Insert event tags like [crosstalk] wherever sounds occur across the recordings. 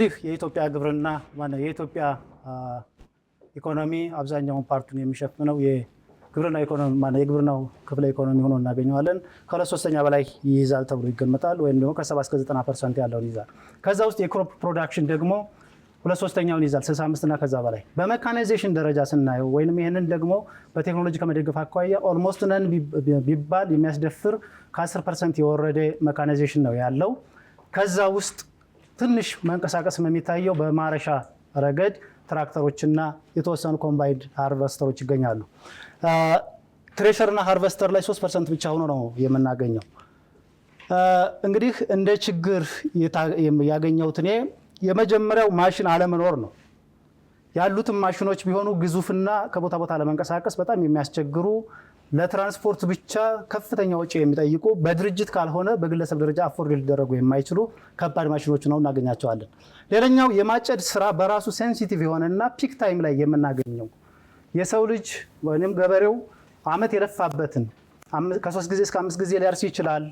እንግዲህ የኢትዮጵያ ግብርና ማነው የኢትዮጵያ ኢኮኖሚ አብዛኛውን ፓርቱን የሚሸፍነው የግብርና ኢኮኖሚ ማነው የግብርናው ክፍለ ኢኮኖሚ ሆኖ እናገኘዋለን። ከሁለት ሶስተኛ በላይ ይይዛል ተብሎ ይገመጣል፣ ወይም ደግሞ ከሰባ እስከ ዘጠና ፐርሰንት ያለውን ይይዛል። ከዛ ውስጥ የክሮፕ ፕሮዳክሽን ደግሞ ሁለት ሶስተኛውን ይዛል 65 እና ከዛ በላይ። በመካናይዜሽን ደረጃ ስናየው ወይም ይህንን ደግሞ በቴክኖሎጂ ከመደገፍ አኳያ ኦልሞስት ነን ቢባል የሚያስደፍር ከ10 ፐርሰንት የወረደ መካናይዜሽን ነው ያለው። ከዛ ውስጥ ትንሽ መንቀሳቀስ የሚታየው። በማረሻ ረገድ ትራክተሮችና የተወሰኑ ኮምባይንድ ሃርቨስተሮች ይገኛሉ። ትሬሸርና ሃርቨስተር ላይ 3 ፐርሰንት ብቻ ሆኖ ነው የምናገኘው። እንግዲህ እንደ ችግር ያገኘሁት እኔ የመጀመሪያው ማሽን አለመኖር ነው። ያሉትም ማሽኖች ቢሆኑ ግዙፍና ከቦታ ቦታ ለመንቀሳቀስ በጣም የሚያስቸግሩ ለትራንስፖርት ብቻ ከፍተኛ ወጪ የሚጠይቁ በድርጅት ካልሆነ በግለሰብ ደረጃ አፎርድ ሊደረጉ የማይችሉ ከባድ ማሽኖች ነው እናገኛቸዋለን። ሌላኛው የማጨድ ስራ በራሱ ሴንሲቲቭ የሆነና ፒክ ታይም ላይ የምናገኘው የሰው ልጅ ወይም ገበሬው አመት የለፋበትን ከሶስት ጊዜ እስከ አምስት ጊዜ ሊያርስ ይችላል፣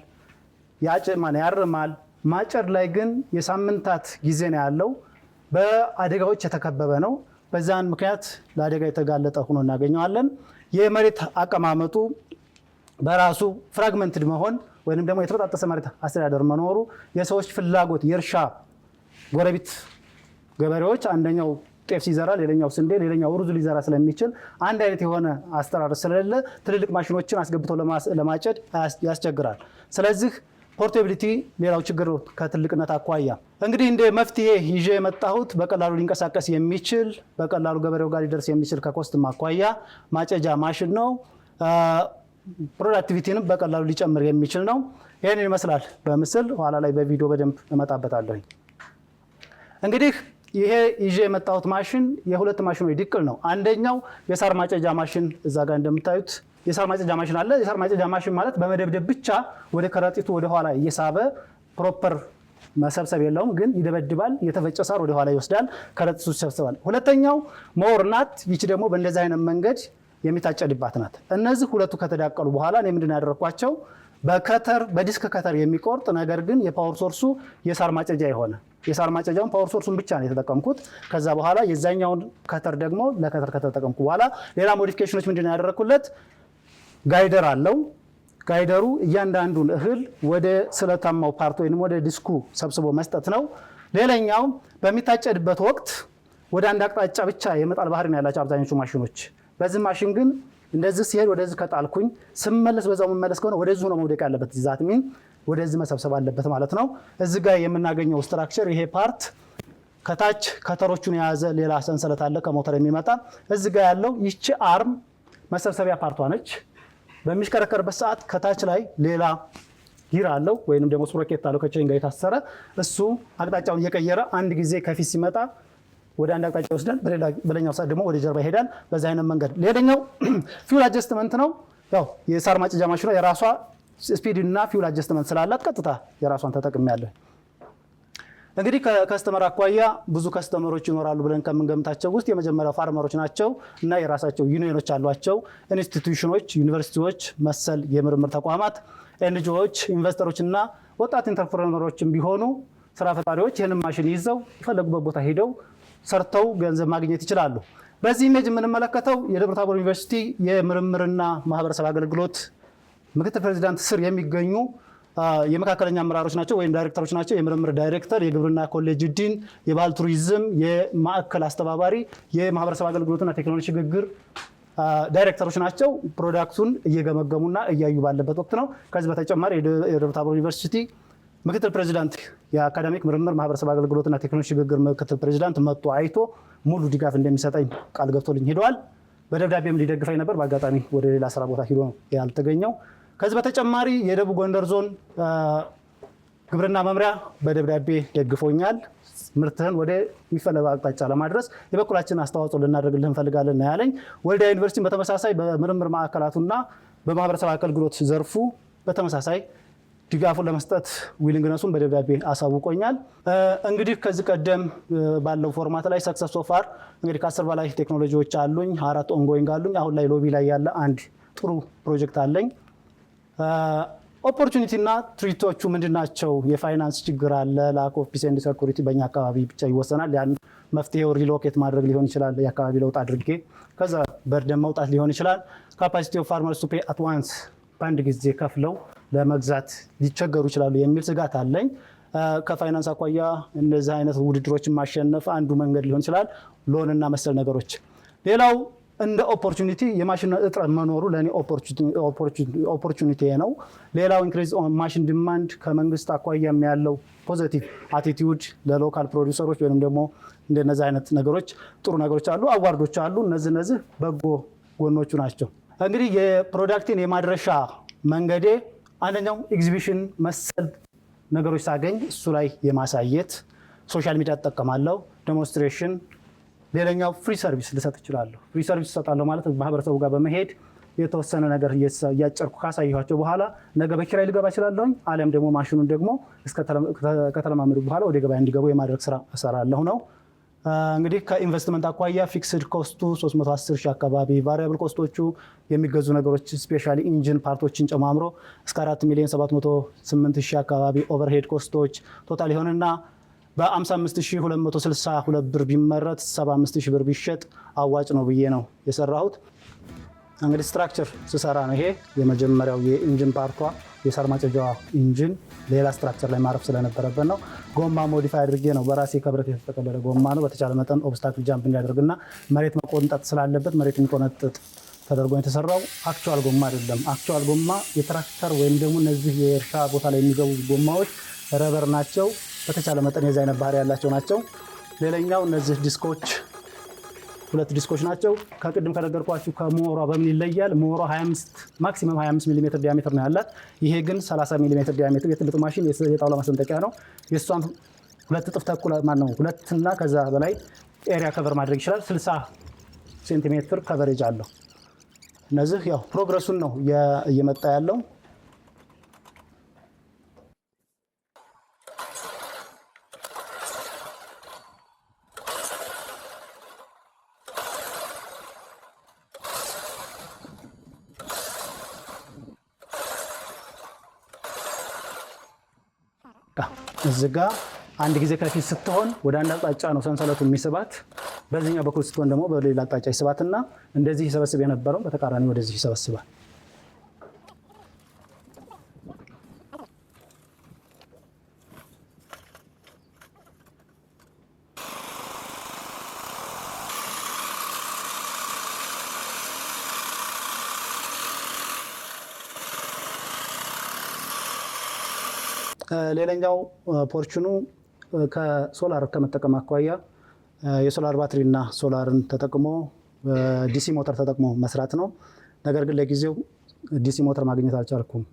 ያርማል። ማጨድ ላይ ግን የሳምንታት ጊዜ ነው ያለው። በአደጋዎች የተከበበ ነው። በዛን ምክንያት ለአደጋ የተጋለጠ ሆኖ እናገኘዋለን። የመሬት አቀማመጡ በራሱ ፍራግመንትድ መሆን ወይም ደግሞ የተበጣጠሰ መሬት አስተዳደር መኖሩ የሰዎች ፍላጎት የእርሻ ጎረቤት ገበሬዎች አንደኛው ጤፍ ሲዘራ ሌላኛው ስንዴ ሌላኛው ሩዝ ሊዘራ ስለሚችል አንድ አይነት የሆነ አስተራረስ ስለሌለ ትልልቅ ማሽኖችን አስገብተው ለማጨድ ያስቸግራል። ስለዚህ ፖርቴቢሊቲ ሌላው ችግር ከትልቅነት አኳያ እንግዲህ እንደ መፍትሄ ይዤ የመጣሁት በቀላሉ ሊንቀሳቀስ የሚችል በቀላሉ ገበሬው ጋር ሊደርስ የሚችል ከኮስትም አኳያ ማጨጃ ማሽን ነው። ፕሮዳክቲቪቲንም በቀላሉ ሊጨምር የሚችል ነው። ይህን ይመስላል በምስል ኋላ ላይ በቪዲዮ በደንብ እመጣበታለሁ። እንግዲህ ይሄ ይዤ የመጣሁት ማሽን የሁለት ማሽኖች ድቅል ነው። አንደኛው የሳር ማጨጃ ማሽን እዛ ጋር እንደምታዩት የሳር ማጨጃ ማሽን አለ። የሳር ማጨጃ ማሽን ማለት በመደብደብ ብቻ ወደ ከረጢቱ ወደኋላ እየሳበ ፕሮፐር መሰብሰብ የለውም ግን ይደበድባል። የተፈጨ ሳር ወደኋላ ይወስዳል፣ ከረጢቱ ይሰብስባል። ሁለተኛው ሞር ናት። ይቺ ደግሞ በእንደዚህ አይነት መንገድ የሚታጨድባት ናት። እነዚህ ሁለቱ ከተዳቀሉ በኋላ እኔ ምንድን ያደረኳቸው በከተር በዲስክ ከተር የሚቆርጥ ነገር ግን የፓወር ሶርሱ የሳር ማጨጃ የሆነ የሳር ማጨጃውን ፓወር ሶርሱን ብቻ ነው የተጠቀምኩት። ከዛ በኋላ የዛኛውን ከተር ደግሞ ለከተር ከተጠቀምኩ በኋላ ሌላ ሞዲፊኬሽኖች ምንድን ያደረግኩለት ጋይደር አለው። ጋይደሩ እያንዳንዱን እህል ወደ ስለታማው ፓርት ወይም ወደ ዲስኩ ሰብስቦ መስጠት ነው። ሌላኛው በሚታጨድበት ወቅት ወደ አንድ አቅጣጫ ብቻ የመጣል ባህሪ ነው ያላቸው አብዛኞቹ ማሽኖች። በዚህ ማሽን ግን እንደዚህ ሲሄድ ወደዚህ ከጣልኩኝ ስመለስ በዛው መመለስ ከሆነ ወደዚሁ ነው መውደቅ ያለበት። ዛት ሚን ወደዚህ መሰብሰብ አለበት ማለት ነው። እዚህ ጋር የምናገኘው ስትራክቸር ይሄ ፓርት ከታች ከተሮቹን የያዘ ሌላ ሰንሰለት አለ ከሞተር የሚመጣ እዚህ ጋር ያለው ይቺ አርም መሰብሰቢያ ፓርቷ ነች። በሚሽከረከርበት ሰዓት ከታች ላይ ሌላ ጊር አለው ወይም ደግሞ ስሮኬት አለው ከቼን ጋር የታሰረ እሱ አቅጣጫውን እየቀየረ አንድ ጊዜ ከፊት ሲመጣ ወደ አንድ አቅጣጫ ይወስዳል፣ በሌላኛው ሰዓት ደግሞ ወደ ጀርባ ይሄዳል። በዛ አይነት መንገድ ሌላኛው ፊውል [clears throat] አጀስትመንት ነው። ያው የሳር ማጨጃ ማሽኗ የራሷ ስፒድና ፊውል አጀስትመንት ስላላት ቀጥታ የራሷን ተጠቅሜያለሁ። እንግዲህ ከከስተመር አኳያ ብዙ ከስተመሮች ይኖራሉ ብለን ከምንገምታቸው ውስጥ የመጀመሪያ ፋርመሮች ናቸው እና የራሳቸው ዩኒዮኖች አሏቸው። ኢንስቲትዩሽኖች፣ ዩኒቨርሲቲዎች፣ መሰል የምርምር ተቋማት፣ ኤንጂኦዎች፣ ኢንቨስተሮች እና ወጣት ኢንተርፕረነሮችም ቢሆኑ ስራ ፈጣሪዎች ይህንን ማሽን ይዘው የፈለጉበት ቦታ ሄደው ሰርተው ገንዘብ ማግኘት ይችላሉ። በዚህ ኢሜጅ የምንመለከተው የደብረ ታቦር ዩኒቨርሲቲ የምርምርና ማህበረሰብ አገልግሎት ምክትል ፕሬዚዳንት ስር የሚገኙ የመካከለኛ አመራሮች ናቸው ወይም ዳይሬክተሮች ናቸው። የምርምር ዳይሬክተር፣ የግብርና ኮሌጅ ዲን፣ የባህል ቱሪዝም የማዕከል አስተባባሪ፣ የማህበረሰብ አገልግሎትና ቴክኖሎጂ ሽግግር ዳይሬክተሮች ናቸው። ፕሮዳክቱን እየገመገሙና እያዩ ባለበት ወቅት ነው። ከዚህ በተጨማሪ የደብረ ታቦር ዩኒቨርሲቲ ምክትል ፕሬዚዳንት የአካዳሚክ ምርምር ማህበረሰብ አገልግሎትና ቴክኖሎጂ ሽግግር ምክትል ፕሬዚዳንት መጥቶ አይቶ ሙሉ ድጋፍ እንደሚሰጠኝ ቃል ገብቶልኝ ሄደዋል። በደብዳቤም ሊደግፈኝ ነበር። በአጋጣሚ ወደ ሌላ ስራ ቦታ ሂዶ ነው ያልተገኘው። ከዚህ በተጨማሪ የደቡብ ጎንደር ዞን ግብርና መምሪያ በደብዳቤ ደግፎኛል። ምርትህን ወደ ሚፈለገው አቅጣጫ ለማድረስ የበኩላችን አስተዋጽኦ ልናደርግልህ እንፈልጋለን ነው ያለኝ። ወልዲያ ዩኒቨርሲቲ በተመሳሳይ በምርምር ማዕከላቱና በማህበረሰብ አገልግሎት ዘርፉ በተመሳሳይ ድጋፉን ለመስጠት ዊልንግነሱን በደብዳቤ አሳውቆኛል። እንግዲህ ከዚህ ቀደም ባለው ፎርማት ላይ ሰክሰስ ሶፋር እንግዲህ ከአስር በላይ ቴክኖሎጂዎች አሉኝ፣ አራት ኦንጎይንግ አሉኝ። አሁን ላይ ሎቢ ላይ ያለ አንድ ጥሩ ፕሮጀክት አለኝ። ኦፖርቹኒቲ እና ትሪቶቹ ምንድን ናቸው? የፋይናንስ ችግር አለ። ላክ ኦፍ ፒስ ኤንድ ሴኩሪቲ በእኛ አካባቢ ብቻ ይወሰናል። ያን መፍትሄው ሪሎኬት ማድረግ ሊሆን ይችላል። የአካባቢ ለውጥ አድርጌ ከዛ በርደን መውጣት ሊሆን ይችላል። ካፓሲቲ ኦፍ ፋርመርስ ቱ ፔ አት ዋንስ በአንድ ጊዜ ከፍለው ለመግዛት ሊቸገሩ ይችላሉ የሚል ስጋት አለኝ። ከፋይናንስ አኳያ እነዚህ አይነት ውድድሮችን ማሸነፍ አንዱ መንገድ ሊሆን ይችላል። ሎን እና መሰል ነገሮች ሌላው እንደ ኦፖርቹኒቲ የማሽን እጥረት መኖሩ ለእኔ ኦፖርቹኒቲ ነው። ሌላው ኢንክሪዝ ማሽን ዲማንድ ከመንግስት አኳያም ያለው ፖዘቲቭ አቲቲዩድ ለሎካል ፕሮዲሰሮች ወይም ደግሞ እንደነዚህ አይነት ነገሮች ጥሩ ነገሮች አሉ፣ አዋርዶች አሉ። እነዚህ እነዚህ በጎ ጎኖቹ ናቸው። እንግዲህ የፕሮዳክትን የማድረሻ መንገዴ አንደኛው ኤግዚቢሽን መሰል ነገሮች ሳገኝ እሱ ላይ የማሳየት ሶሻል ሚዲያ እጠቀማለሁ፣ ዴሞንስትሬሽን ሌላኛው ፍሪ ሰርቪስ ልሰጥ እችላለሁ። ፍሪ ሰርቪስ እሰጣለሁ ማለት ማህበረሰቡ ጋር በመሄድ የተወሰነ ነገር እያጨርኩ ካሳየኋቸው በኋላ ነገ በኪራይ ልገባ እችላለሁኝ። አሊያም ደግሞ ማሽኑን ደግሞ ከተለማመዱ በኋላ ወደ ገበያ እንዲገቡ የማድረግ ስራ እሰራለሁ ነው። እንግዲህ ከኢንቨስትመንት አኳያ ፊክስድ ኮስቱ 310 ሺህ አካባቢ፣ ቫሪያብል ኮስቶቹ የሚገዙ ነገሮች ስፔሻሊ ኢንጂን ፓርቶችን ጨማምሮ እስከ 4 ሚሊዮን 708 ሺህ አካባቢ፣ ኦቨርሄድ ኮስቶች ቶታል ይሆንና በ55262 ብር ቢመረት 75000 ብር ቢሸጥ አዋጭ ነው ብዬ ነው የሰራሁት። እንግዲህ ስትራክቸር ስሰራ ነው ይሄ የመጀመሪያው የኢንጂን ፓርቷ የሳር ማጨጃዋ ኢንጂን ሌላ ስትራክቸር ላይ ማረፍ ስለነበረበት ነው። ጎማ ሞዲፋይ አድርጌ ነው በራሴ ከብረት የተጠቀለለ ጎማ ነው። በተቻለ መጠን ኦብስታክል ጃምፕ እንዲያደርግና መሬት መቆንጠጥ ስላለበት መሬት የሚቆነጥጥ ተደርጎ የተሰራው አክቹዋል ጎማ አይደለም። አክቹዋል ጎማ የትራክተር ወይም ደግሞ እነዚህ የእርሻ ቦታ ላይ የሚገቡ ጎማዎች ረበር ናቸው። በተቻለ መጠን የዚ አይነት ባህሪ ያላቸው ናቸው። ሌላኛው እነዚህ ዲስኮች ሁለት ዲስኮች ናቸው። ከቅድም ከነገርኳችሁ ከሞሯ በምን ይለያል? ሞሯ 25 ማክሲመም 25 ሚሜ ዲያሜትር ነው ያላት። ይሄ ግን 30 ሚሜ ዲያሜትር የትልቅ ማሽን የጣውላ ማስጠንጠቂያ ነው። የእሷን ሁለት እጥፍ ተኩል ማለት ነው። ሁለትና ከዛ በላይ ኤሪያ ከቨር ማድረግ ይችላል። 60 ሴንቲሜትር ከቨሬጅ አለው። እነዚህ ያው ፕሮግረሱን ነው እየመጣ ያለው። እዚህ ጋ አንድ ጊዜ ከፊት ስትሆን ወደ አንድ አቅጣጫ ነው ሰንሰለቱ የሚስባት። በዚህኛው በኩል ስትሆን ደግሞ በሌላ አቅጣጫ ይስባትና እንደዚህ ይሰበስብ የነበረው በተቃራኒ ወደዚህ ይሰበስባል። ሌላኛው ፖርቹኑ ከሶላር ከመጠቀም አኳያ የሶላር ባትሪ እና ሶላርን ተጠቅሞ ዲሲ ሞተር ተጠቅሞ መስራት ነው። ነገር ግን ለጊዜው ዲሲ ሞተር ማግኘት አልቻልኩም።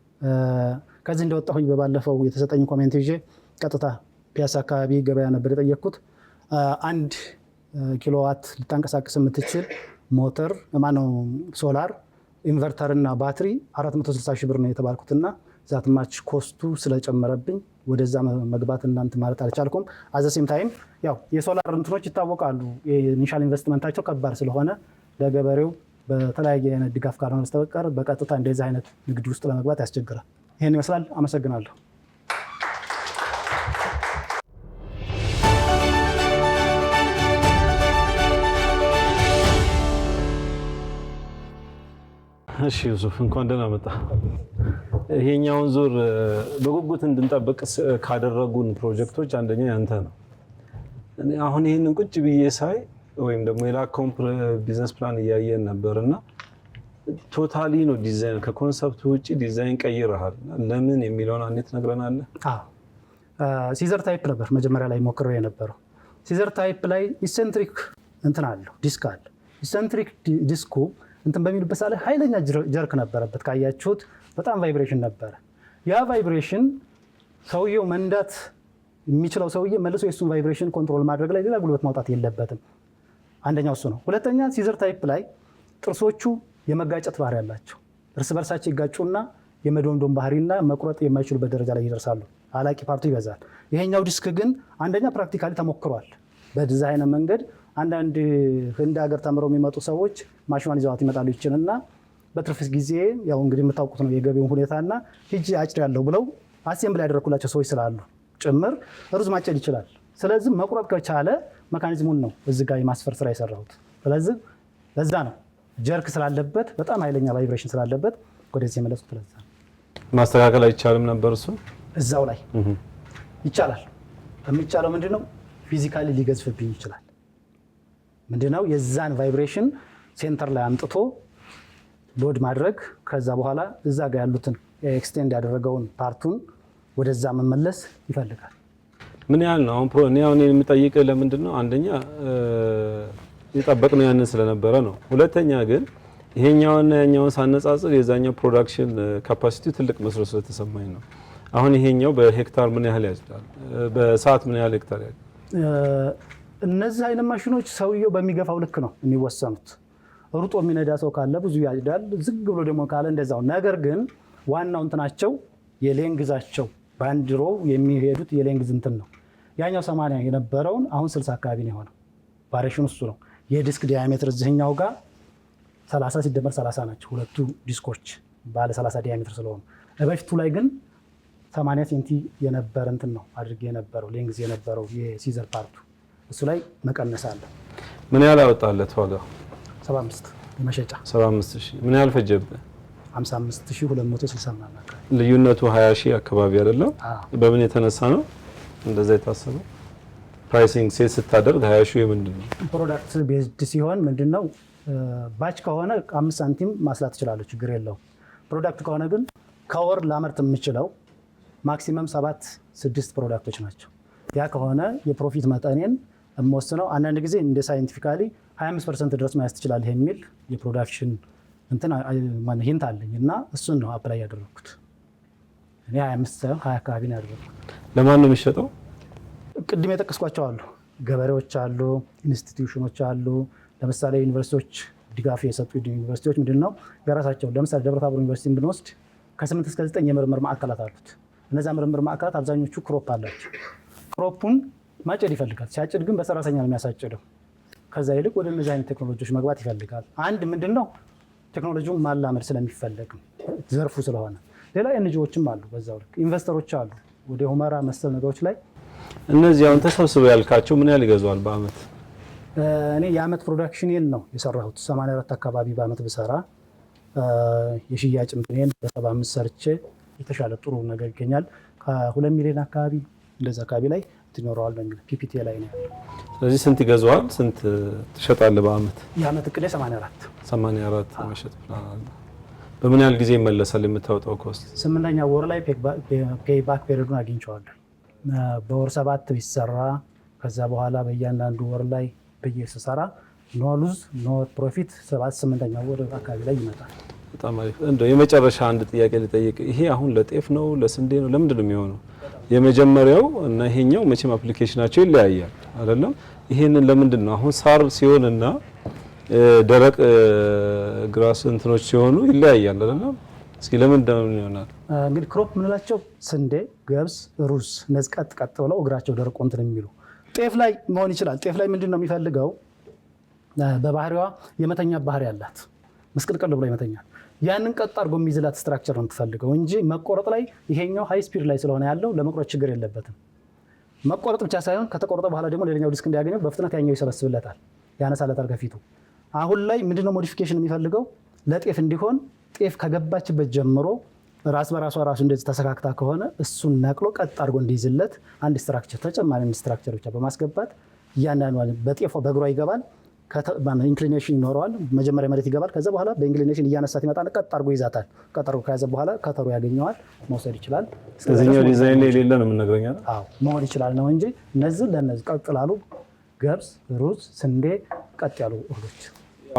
ከዚህ እንደወጣሁኝ በባለፈው የተሰጠኝ ኮሜንት ይዤ ቀጥታ ፒያሳ አካባቢ ገበያ ነበር የጠየቅኩት። አንድ ኪሎዋት ልታንቀሳቀስ የምትችል ሞተር ማነው ሶላር ኢንቨርተርና ባትሪ 460 ሺህ ብር ነው የተባልኩትና ዛት ማች ኮስቱ ስለጨመረብኝ ወደዛ መግባት እናንት ማለት አልቻልኩም። አዘሴም ታይም ያው የሶላር እንትኖች ይታወቃሉ። የኢኒሻል ኢንቨስትመንታቸው ከባድ ስለሆነ ለገበሬው በተለያየ አይነት ድጋፍ ካልሆነ በስተቀር በቀጥታ እንደዚህ አይነት ንግድ ውስጥ ለመግባት ያስቸግራል። ይህን ይመስላል። አመሰግናለሁ። እሺ ዩሱፍ እንኳን ደህና መጣ። ይሄኛውን ዙር በጉጉት እንድንጠብቅ ካደረጉን ፕሮጀክቶች አንደኛ ያንተ ነው። እኔ አሁን ይህንን ቁጭ ብዬ ሳይ ወይም ደግሞ የላከውን ቢዝነስ ፕላን እያየን ነበር እና ቶታሊ ነው ዲዛይን ከኮንሰፕት ውጭ ዲዛይን ቀይረሃል። ለምን የሚለውን አንዴ ትነግረናለህ? ሲዘር ታይፕ ነበር መጀመሪያ ላይ ሞክረው የነበረው። ሲዘር ታይፕ ላይ ኢሴንትሪክ እንትን አለው ዲስክ አለ። ኢሴንትሪክ ዲስኩ እንትን በሚሉበት ሳለ ኃይለኛ ጀርክ ነበረበት። ካያችሁት በጣም ቫይብሬሽን ነበረ። ያ ቫይብሬሽን ሰውየው መንዳት የሚችለው ሰውዬ መልሶ የእሱን ቫይብሬሽን ኮንትሮል ማድረግ ላይ ሌላ ጉልበት ማውጣት የለበትም። አንደኛው እሱ ነው። ሁለተኛ ሲዘር ታይፕ ላይ ጥርሶቹ የመጋጨት ባህሪ ያላቸው እርስ በርሳቸው ይጋጩና የመዶምዶም ባህሪና መቁረጥ የማይችሉበት ደረጃ ላይ ይደርሳሉ። አላቂ ፓርቱ ይበዛል። ይሄኛው ዲስክ ግን አንደኛ ፕራክቲካሊ ተሞክሯል። አይነት መንገድ አንዳንድ ህንድ ሀገር ተምረው የሚመጡ ሰዎች ማሽኗን ይዘዋት ይመጣሉ ይችልና በትርፍ ጊዜ ያው እንግዲህ የምታውቁት ነው የገቢውን ሁኔታና ሂጂ አጭድ ያለው ብለው አሴምብል ያደረግኩላቸው ሰዎች ስላሉ ጭምር ሩዝ ማጨድ ይችላል። ስለዚህ መቁረጥ ከቻለ መካኒዝሙን ነው እዚህ ጋር የማስፈር ስራ የሰራሁት። ስለዚህ ለዛ ነው ጀርክ ስላለበት በጣም ኃይለኛ ቫይብሬሽን ስላለበት ወደዚህ የመለስኩት ለዛ ማስተካከል አይቻልም ነበር እሱ እዛው ላይ ይቻላል። የሚቻለው ምንድነው ፊዚካሊ ሊገዝፍብኝ ይችላል። ምንድነው የዛን ቫይብሬሽን ሴንተር ላይ አምጥቶ ሎድ ማድረግ ከዛ በኋላ እዛ ጋር ያሉትን ኤክስቴንድ ያደረገውን ፓርቱን ወደዛ መመለስ ይፈልጋል። ምን ያህል ነው አሁን? እኔ አሁን የምጠይቅህ ለምንድን ነው አንደኛ የጠበቅነው ያንን ስለነበረ ነው። ሁለተኛ ግን ይሄኛውና ያኛውን ሳነጻጽር የዛኛው ፕሮዳክሽን ካፓሲቲ ትልቅ መስሎ ስለተሰማኝ ነው። አሁን ይሄኛው በሄክታር ምን ያህል ያጭዳል? በሰዓት ምን ያህል ሄክታር ያጭዳል? እነዚህ አይነት ማሽኖች ሰውየው በሚገፋው ልክ ነው የሚወሰኑት። ሩጦ የሚነዳ ሰው ካለ ብዙ ያጭዳል፣ ዝግ ብሎ ደግሞ ካለ እንደዛው። ነገር ግን ዋናው እንትናቸው የሌንግዛቸው ባንዲሮ የሚሄዱት የሌንግዝ እንትን ነው። ያኛው ሰማንያ የነበረውን አሁን ስልሳ አካባቢ ነው የሆነው። ቫሬሽን እሱ ነው። የዲስክ ዲያሜትር እዚህኛው ጋር 30 ሲደመር 30 ናቸው ሁለቱ ዲስኮች ባለ 30 ዲያሜትር ስለሆኑ፣ በፊቱ ላይ ግን 80 ሴንቲ የነበረ እንትን ነው አድርጌ የነበረው ሌንግዝ የነበረው የሲዘር ፓርቱ እሱ ላይ መቀነስ አለ። ምን ያህል አወጣለት ዋጋ? 75 ለመሸጫ 75 ሺህ ምን ያህል ፈጀብህ? 55260 አካባቢ ልዩነቱ 20 ሺ አካባቢ አይደለም? በምን የተነሳ ነው እንደዛ የታሰበው? ፕራይሲንግ ሴት ስታደርግ 20 ሺህ ምንድን ነው? ፕሮዳክት ቤዝድ ሲሆን ምንድን ነው ባች ከሆነ አምስት ሳንቲም ማስላት ትችላለሁ፣ ችግር የለው። ፕሮዳክት ከሆነ ግን ከወር ላመርት የምችለው ማክሲመም ሰባት ስድስት ፕሮዳክቶች ናቸው። ያ ከሆነ የፕሮፊት መጠኔን የምወስነው አንዳንድ ጊዜ እንደ ሳይንቲፊካሊ 25 ፐርሰንት ድረስ መያዝ ትችላለህ የሚል የፕሮዳክሽን እንትን ሂንት አለኝ እና እሱን ነው አፕላይ ያደረግኩት። እኔ 25 ሳይሆን 20 አካባቢ ነው ያደረግኩት። ለማን ነው የሚሸጠው? ቅድም የጠቀስኳቸው አሉ፣ ገበሬዎች አሉ፣ ኢንስቲትዩሽኖች አሉ። ለምሳሌ ዩኒቨርሲቲዎች ድጋፍ የሰጡ ዩኒቨርሲቲዎች ምንድን ነው የራሳቸው ለምሳሌ ደብረታቦር ዩኒቨርሲቲ ብንወስድ ከ8 እስከ 9 የምርምር ማዕከላት አሉት። እነዚያ ምርምር ማዕከላት አብዛኞቹ ክሮፕ አላቸው። ክሮፑን ማጨድ ይፈልጋል። ሲያጭድ ግን በሰራተኛ ነው የሚያሳጭደው። ከዛ ይልቅ ወደ እነዚህ አይነት ቴክኖሎጂዎች መግባት ይፈልጋል። አንድ ምንድን ነው ቴክኖሎጂውን ማላመድ ስለሚፈለግ ዘርፉ ስለሆነ፣ ሌላ ኤንጂዎችም አሉ፣ በዛው ልክ ኢንቨስተሮች አሉ፣ ወደ ሁመራ መሰል ነገሮች ላይ እነዚህ አሁን ተሰብስበው ያልካቸው ምን ያህል ይገዛዋል በአመት? እኔ የአመት ፕሮዳክሽንን ነው የሰራሁት 84 አካባቢ በአመት ብሰራ የሽያጭ ሚሊዮን በ ሰርቼ የተሻለ ጥሩ ነገር ይገኛል። ከሁለት ሚሊዮን አካባቢ እንደዚ አካባቢ ላይ ይኖረዋል ነው ፒፒቲ ላይ ነው ያለው። ስለዚህ ስንት ይገዛዋል? ስንት ትሸጣለህ በአመት? የአመት እቅዴ 84 84 መሸጥ ፕላን በምን ያህል ጊዜ ይመለሳል የምታወጣው ኮስት? ስምንተኛ ወር ላይ ፔይባክ ፔሪዱን አግኝቼዋለሁ። በወር ሰባት ቢሰራ ከዛ በኋላ በእያንዳንዱ ወር ላይ ብዬ ስሰራ ኖ ሉዝ ኖ ፕሮፊት ሰባት ስምንተኛ ወር አካባቢ ላይ ይመጣል። በጣም አሪፍ። እንደው የመጨረሻ አንድ ጥያቄ ልጠይቅ። ይሄ አሁን ለጤፍ ነው ለስንዴ ነው ለምንድን ነው የሚሆነው? የመጀመሪያው እና ይሄኛው መቼም አፕሊኬሽናቸው ይለያያል አይደለም? ይሄንን ለምንድን ነው አሁን ሳር ሲሆንና ደረቅ ግራስ እንትኖች ሲሆኑ ይለያያል አይደለም? እስኪ ለምንድን ነው ይሆናል? እንግዲህ ክሮፕ የምንላቸው ስንዴ፣ ገብስ፣ ሩዝ እነዚህ ቀጥ ቀጥ ብለው እግራቸው ደርቆ እንትን የሚሉ ጤፍ ላይ መሆን ይችላል። ጤፍ ላይ ምንድን ነው የሚፈልገው? በባህሪዋ የመተኛ ባህሪ መስቅል ምስቅልቅል ብሎ ይመተኛል። ያንን ቀጥ አድርጎ የሚይዝላት ስትራክቸር ነው የምትፈልገው እንጂ መቆረጥ ላይ ይሄኛው ሀይ ስፒድ ላይ ስለሆነ ያለው ለመቁረጥ ችግር የለበትም። መቆረጥ ብቻ ሳይሆን ከተቆረጠ በኋላ ደግሞ ሌላኛው ዲስክ እንዲያገኘው በፍጥነት ያኛው ይሰበስብለታል፣ ያነሳለታል ከፊቱ። አሁን ላይ ምንድነው ሞዲፊኬሽን የሚፈልገው ለጤፍ እንዲሆን ጤፍ ከገባችበት ጀምሮ ራስ በራሷ ራሱ እንደዚህ ተሰካክታ ከሆነ እሱን ነቅሎ ቀጥ አድርጎ እንዲይዝለት አንድ ስትራክቸር ተጨማሪ ስትራክቸር ብቻ በማስገባት እያንዳንዱ በጤፎ በእግሯ ይገባል። ኢንክሊኔሽን ይኖረዋል። መጀመሪያ መሬት ይገባል። ከዛ በኋላ በኢንክሊኔሽን እያነሳት ይመጣል። ቀጥ አድርጎ ይዛታል። ቀጥ አድርጎ ከያዘ በኋላ ከተሩ ያገኘዋል፣ መውሰድ ይችላል። ስለዚህኛው ዲዛይን ላይ የሌለ ነው የምነግረኛ መሆን ይችላል ነው እንጂ እነዚህ ለነዚህ ቀጥ ላሉ ገብስ፣ ሩዝ፣ ስንዴ ቀጥ ያሉ እህሎች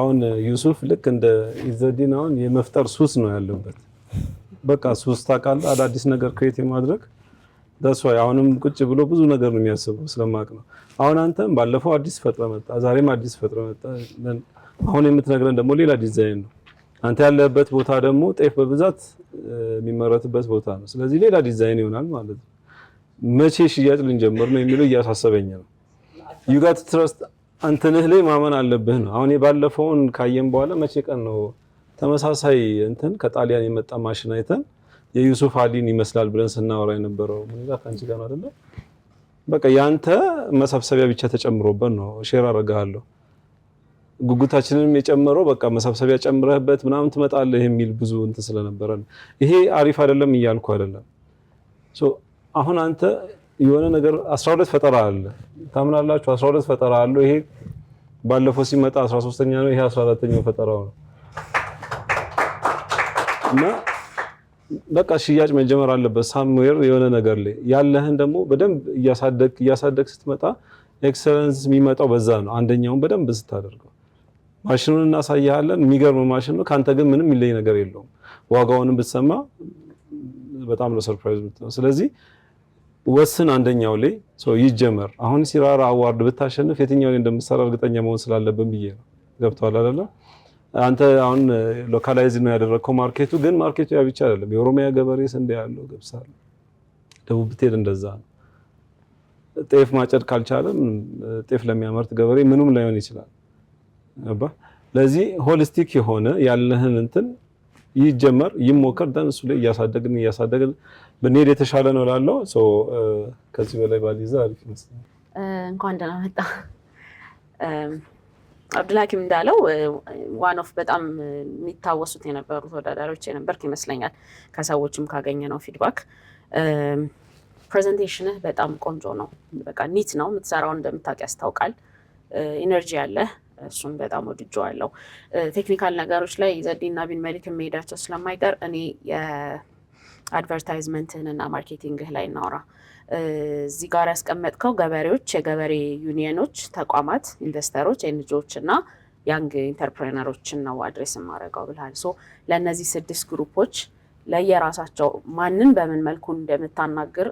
አሁን ዩሱፍ ልክ እንደ ኢዘዲን አሁን የመፍጠር ሱስ ነው ያለበት። በቃ ሱስ ታውቃለህ፣ አዳዲስ ነገር ክሬት የማድረግ ዳስዋይ አሁንም ቁጭ ብሎ ብዙ ነገር ነው የሚያስበው ስለማቅ ነው። አሁን አንተም ባለፈው አዲስ ፈጥረ መጣ፣ ዛሬም አዲስ ፈጥረ መጣ። አሁን የምትነግረን ደግሞ ሌላ ዲዛይን ነው። አንተ ያለበት ቦታ ደግሞ ጤፍ በብዛት የሚመረትበት ቦታ ነው። ስለዚህ ሌላ ዲዛይን ይሆናል ማለት ነው። መቼ ሽያጭ ልንጀምር ነው የሚለው እያሳሰበኝ ነው። ዩ ጋት ትረስት እንትንህ ላይ ማመን አለብህ ነው። አሁን ባለፈውን ካየን በኋላ መቼ ቀን ነው ተመሳሳይ እንትን ከጣሊያን የመጣ ማሽን አይተን የዩሱፍ አሊን ይመስላል ብለን ስናወራ የነበረው ሙኒራ ከአንቺ ጋር ነው አይደለ? በቃ ያንተ መሰብሰቢያ ብቻ ተጨምሮበት ነው ሼር አደርግሃለሁ። ጉጉታችንንም የጨመረው በቃ መሰብሰቢያ ጨምረህበት ምናምን ትመጣለህ የሚል ብዙ እንትን ስለነበረ ይሄ አሪፍ አይደለም እያልኩ አይደለም። አሁን አንተ የሆነ ነገር 12 ፈጠራ አለ ታምናላችሁ? 12 ፈጠራ አለ። ይሄ ባለፈው ሲመጣ 13ኛ ነው፣ ይሄ 14ኛው ፈጠራው ነው እና በቃ ሽያጭ መጀመር አለበት። ሳምዌር የሆነ ነገር ላይ ያለህን ደግሞ በደንብ እያሳደግ እያሳደግ ስትመጣ ኤክሰለንስ የሚመጣው በዛ ነው። አንደኛውን በደንብ ስታደርገው ማሽኑን እናሳያለን። የሚገርም ማሽን ነው። ከአንተ ግን ምንም የሚለይ ነገር የለውም። ዋጋውንም ብትሰማ በጣም ነው ሰርፕራይዝ ነው። ስለዚህ ወስን አንደኛው ላይ ይጀመር። አሁን ሲራራ አዋርድ ብታሸንፍ የትኛው ላይ እንደምትሰራ እርግጠኛ መሆን ስላለብን ብዬ ነው። ገብተዋል አይደለም? አንተ አሁን ሎካላይዝ ነው ያደረግከው ማርኬቱ። ግን ማርኬቱ ያ ብቻ አይደለም። የኦሮሚያ ገበሬ ስንዴ ያለው ገብስ አለ። ደቡብ ብትሄድ እንደዛ ነው። ጤፍ ማጨድ ካልቻለም ጤፍ ለሚያመርት ገበሬ ምንም ላይሆን ይችላል። አባ ለዚህ ሆሊስቲክ የሆነ ያለህን እንትን ይጀመር ይሞከር ደን እሱ ላይ እያሳደግን እያሳደግን ብንሄድ የተሻለ ነው ላለው ከዚህ በላይ ባሊዛ አሪፍ ይመስለኛል። እንኳን ደህና መጣ። አብዱልሀኪም እንዳለው ዋን ኦፍ በጣም የሚታወሱት የነበሩ ተወዳዳሪዎች የነበርክ ይመስለኛል። ከሰዎችም ካገኘ ነው ፊድባክ ፕሬዘንቴሽንህ በጣም ቆንጆ ነው። በቃ ኒት ነው የምትሰራውን እንደምታውቅ ያስታውቃል። ኢነርጂ አለ እሱን በጣም ወድጀዋለሁ። ቴክኒካል ነገሮች ላይ ዘዲና ቢን መሊክ የሚሄዳቸው ስለማይቀር እኔ የአድቨርታይዝመንትህን እና ማርኬቲንግህ ላይ እናውራ። እዚህ ጋር ያስቀመጥከው ገበሬዎች፣ የገበሬ ዩኒየኖች፣ ተቋማት፣ ኢንቨስተሮች፣ ኤንጂኦዎች እና ያንግ ኢንተርፕሬነሮችን ነው አድሬስ የማደርገው ብልሃል። ሶ ለእነዚህ ስድስት ግሩፖች ለየራሳቸው ማንን በምን መልኩ እንደምታናግር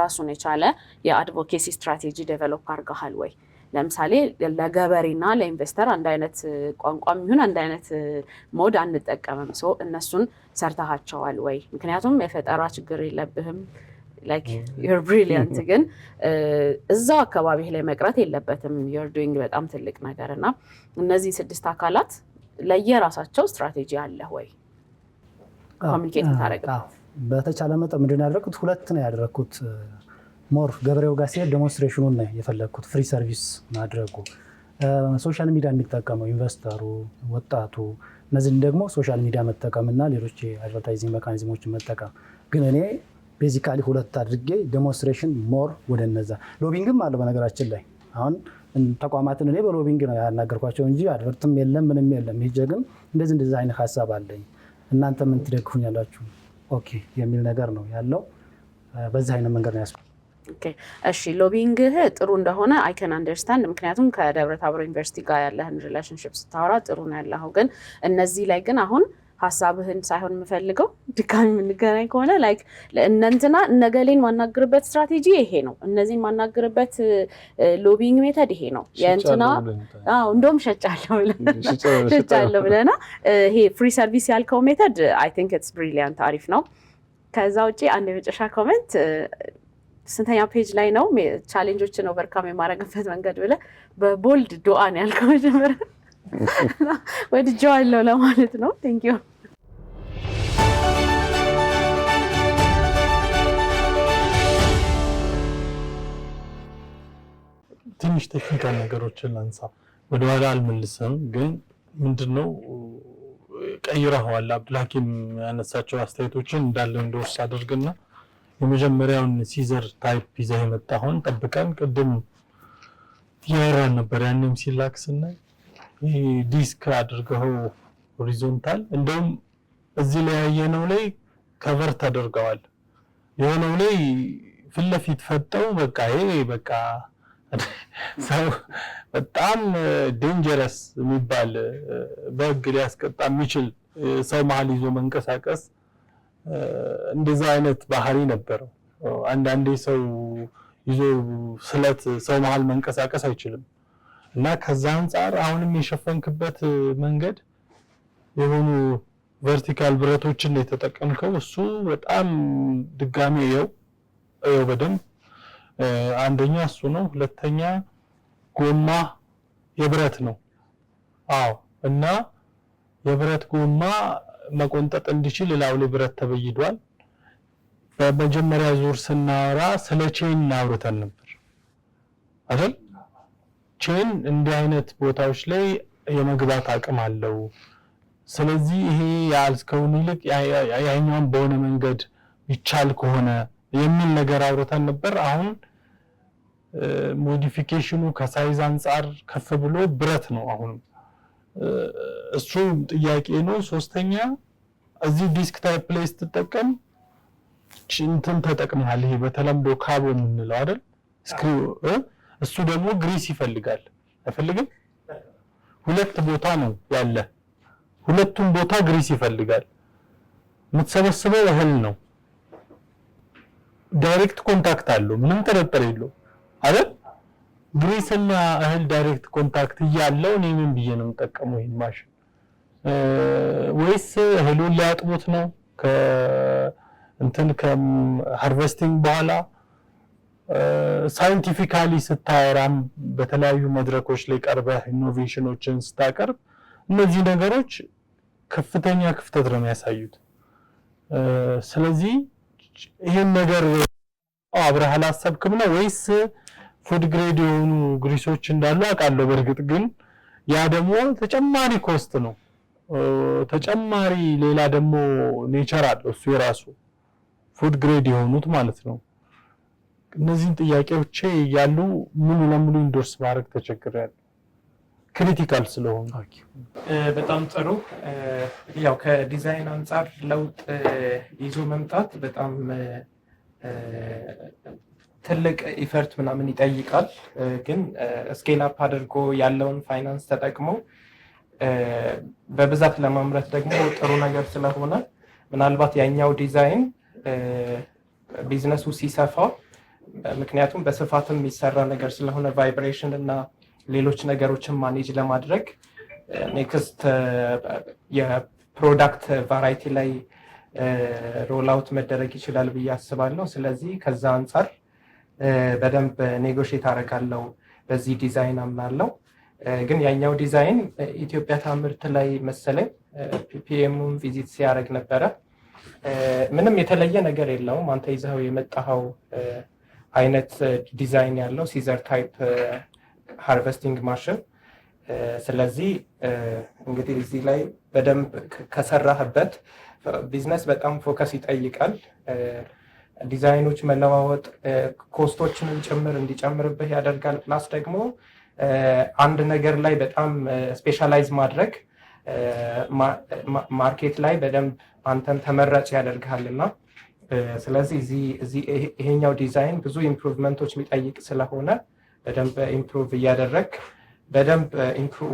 ራሱን የቻለ የአድቮኬሲ ስትራቴጂ ዴቨሎፕ አድርገሃል ወይ? ለምሳሌ ለገበሬና ለኢንቨስተር አንድ አይነት ቋንቋ የሚሆን አንድ አይነት ሞድ አንጠቀምም። ሰው እነሱን ሰርተሃቸዋል ወይ? ምክንያቱም የፈጠራ ችግር የለብህም ላይክ ዩር ብሪሊያንት ግን እዛው አካባቢ ላይ መቅረት የለበትም። ዩር ዱዊንግ በጣም ትልቅ ነገር እና እነዚህ ስድስት አካላት ለየራሳቸው ስትራቴጂ አለ ወይ ኮሚኒኬት ታደረግ? በተቻለ መጠን ምንድን ያደረግኩት? ሁለት ነው ያደረግኩት። ሞር ገበሬው ጋር ሲሄድ ዴሞንስትሬሽኑን ነው የፈለግኩት፣ ፍሪ ሰርቪስ ማድረጉ። ሶሻል ሚዲያ የሚጠቀመው ኢንቨስተሩ፣ ወጣቱ፣ እነዚህን ደግሞ ሶሻል ሚዲያ መጠቀምና ሌሎች የአድቨርታይዚንግ ሜካኒዝሞችን መጠቀም ግን እኔ ቤዚካሊ ሁለት አድርጌ ዴሞንስትሬሽን ሞር ወደ እነዛ ሎቢንግም አለ በነገራችን ላይ አሁን ተቋማትን እኔ በሎቢንግ ነው ያናገርኳቸው እንጂ አድቨርትም የለም ምንም የለም። ሄጄ ግን እንደዚህ እንደዚህ አይነት ሀሳብ አለኝ እናንተ ምን ትደግፉኝ ያላችሁ ኦኬ የሚል ነገር ነው ያለው። በዚህ አይነት መንገድ ነው ያስ እሺ ሎቢንግህ ጥሩ እንደሆነ አይከን አንደርስታንድ። ምክንያቱም ከደብረ ታቦር ዩኒቨርሲቲ ጋር ያለህን ሪሌሽንሽፕ ስታወራ ጥሩ ነው ያለው። ግን እነዚህ ላይ ግን አሁን ሀሳብህን ሳይሆን የምፈልገው ድጋሚ የምንገናኝ ከሆነ ላይክ እነንትና እነገሌን ማናግርበት ስትራቴጂ ይሄ ነው፣ እነዚህን ማናግርበት ሎቢንግ ሜተድ ይሄ ነው የእንትና እንደውም ሸጫለሁ ብለና ይሄ ፍሪ ሰርቪስ ያልከው ሜተድ አይ ቲንክ ኢትስ ብሪሊያንት አሪፍ ነው። ከዛ ውጭ አንድ የመጨረሻ ኮመንት ስንተኛ ፔጅ ላይ ነው ቻሌንጆችን ኦቨርካም የማረግበት መንገድ ብለህ በቦልድ ዱአ ያልከው መጀመር [laughs] ወድጀዋለሁ ለማለት ነው። ቴንኪዩ ትንሽ ቴክኒካል ነገሮችን አንሳ። ወደኋላ አልመልስም፣ ግን ምንድነው ቀይረኸዋል። አብዱልሐኪም ያነሳቸው አስተያየቶችን እንዳለው እንደወስ አድርግና የመጀመሪያውን ሲዘር ታይፕ ይዘ የመጣ ሆን ጠብቀን ቅድም ያወራን ነበር። ያንም ሲላክ ስናይ ዲስክ አድርገው ሆሪዞንታል፣ እንደውም እዚህ ላይ ያየነው ላይ ከቨር ተደርገዋል። የሆነው ላይ ፊት ለፊት ፈጠው በቃ ይሄ በቃ ሰው በጣም ዴንጀረስ የሚባል በህግ ሊያስቀጣ የሚችል ሰው መሀል ይዞ መንቀሳቀስ እንደዛ አይነት ባህሪ ነበረው። አንዳንዴ ሰው ይዞ ስለት ሰው መሀል መንቀሳቀስ አይችልም እና ከዛ አንጻር አሁንም የሸፈንክበት መንገድ የሆኑ ቨርቲካል ብረቶችን የተጠቀምከው እሱ በጣም ድጋሚ እየው በደንብ አንደኛ እሱ ነው። ሁለተኛ ጎማ የብረት ነው። አዎ እና የብረት ጎማ መቆንጠጥ እንዲችል ላው ላይ ብረት ተበይዷል። በመጀመሪያ ዙር ስናወራ ስለ ቼን አውርተን ነበር አይደል? ቼን እንዲህ አይነት ቦታዎች ላይ የመግባት አቅም አለው። ስለዚህ ይሄ ያልከውን ይልቅ ያኛውን በሆነ መንገድ ይቻል ከሆነ የሚል ነገር አውርተን ነበር። አሁን ሞዲፊኬሽኑ ከሳይዝ አንጻር ከፍ ብሎ ብረት ነው አሁን እሱም ጥያቄ ነው። ሶስተኛ እዚህ ዲስክ ታይፕ ላይ ስትጠቀም እንትን ተጠቅመሃል። ይሄ በተለምዶ ካቦ የምንለው አይደል? ስክሪው እሱ ደግሞ ግሪስ ይፈልጋል። አይፈልግም? ሁለት ቦታ ነው ያለ። ሁለቱም ቦታ ግሪስ ይፈልጋል። የምትሰበስበው እህል ነው። ዳይሬክት ኮንታክት አለው። ምንም ጥርጥር የለው አይደል? ግሬስና እህል ዳይሬክት ኮንታክት እያለው እኔ ምን ብዬ ነው የምጠቀመው ይሄን ማሽን? ወይስ እህሉን ሊያጥቡት ነው ከእንትን ከሃርቨስቲንግ በኋላ ሳይንቲፊካሊ ስታወራም በተለያዩ መድረኮች ላይ ቀርበህ ኢኖቬሽኖችን ስታቀርብ እነዚህ ነገሮች ከፍተኛ ክፍተት ነው የሚያሳዩት። ስለዚህ ይሄን ነገር አብረህ አላሰብክም ነው ወይስ ፉድ ግሬድ የሆኑ ግሪሶች እንዳሉ አውቃለሁ። በእርግጥ ግን ያ ደግሞ ተጨማሪ ኮስት ነው። ተጨማሪ ሌላ ደግሞ ኔቸር አለው እሱ የራሱ ፉድ ግሬድ የሆኑት ማለት ነው። እነዚህን ጥያቄዎቼ ያሉ ሙሉ ለሙሉ ኢንዶርስ ማድረግ ተቸግሬያለሁ። ክሪቲካል ስለሆኑ በጣም ጥሩ። ያው ከዲዛይን አንጻር ለውጥ ይዞ መምጣት በጣም ትልቅ ኢፈርት ምናምን ይጠይቃል። ግን ስኬል አፕ አድርጎ ያለውን ፋይናንስ ተጠቅሞ በብዛት ለማምረት ደግሞ ጥሩ ነገር ስለሆነ ምናልባት ያኛው ዲዛይን ቢዝነሱ ሲሰፋ፣ ምክንያቱም በስፋትም የሚሰራ ነገር ስለሆነ ቫይብሬሽን እና ሌሎች ነገሮችን ማኔጅ ለማድረግ ኔክስት የፕሮዳክት ቫራይቲ ላይ ሮላውት መደረግ ይችላል ብዬ አስባለሁ። ስለዚህ ከዛ አንጻር በደንብ ኔጎሽት አደርጋለሁ። በዚህ ዲዛይን አምናለሁ። ግን ያኛው ዲዛይን ኢትዮጵያ ታምርት ላይ መሰለኝ ፒፒኤሙን ቪዚት ሲያደርግ ነበረ። ምንም የተለየ ነገር የለውም። አንተ ይዘኸው የመጣኸው አይነት ዲዛይን ያለው ሲዘር ታይፕ ሃርቨስቲንግ ማሽን። ስለዚህ እንግዲህ እዚህ ላይ በደንብ ከሰራህበት ቢዝነስ በጣም ፎከስ ይጠይቃል። ዲዛይኖች መለዋወጥ ኮስቶችንም ጭምር እንዲጨምርብህ ያደርጋል። ፕላስ ደግሞ አንድ ነገር ላይ በጣም ስፔሻላይዝ ማድረግ ማርኬት ላይ በደንብ አንተን ተመራጭ ያደርግሃል እና ስለዚህ ይሄኛው ዲዛይን ብዙ ኢምፕሩቭመንቶች የሚጠይቅ ስለሆነ በደንብ ኢምፕሩቭ እያደረግ በደንብ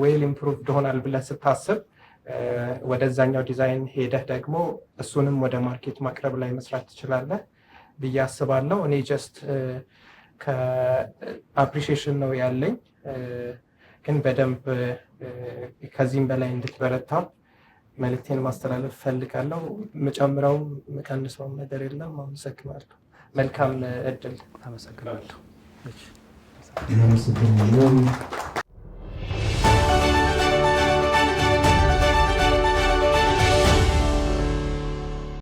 ዌል ኢምፕሩቭ ሆናል ብለህ ስታስብ ወደዛኛው ዲዛይን ሄደህ ደግሞ እሱንም ወደ ማርኬት ማቅረብ ላይ መስራት ትችላለህ ብዬ አስባለሁ። እኔ ጀስት ከአፕሪሺዬሽን ነው ያለኝ፣ ግን በደንብ ከዚህም በላይ እንድትበረታ መልእክቴን ማስተላለፍ እፈልጋለሁ። ምጨምረውም መቀንሰውም ነገር የለም። አመሰግናለሁ። መልካም እድል። አመሰግናለሁ። Дякую.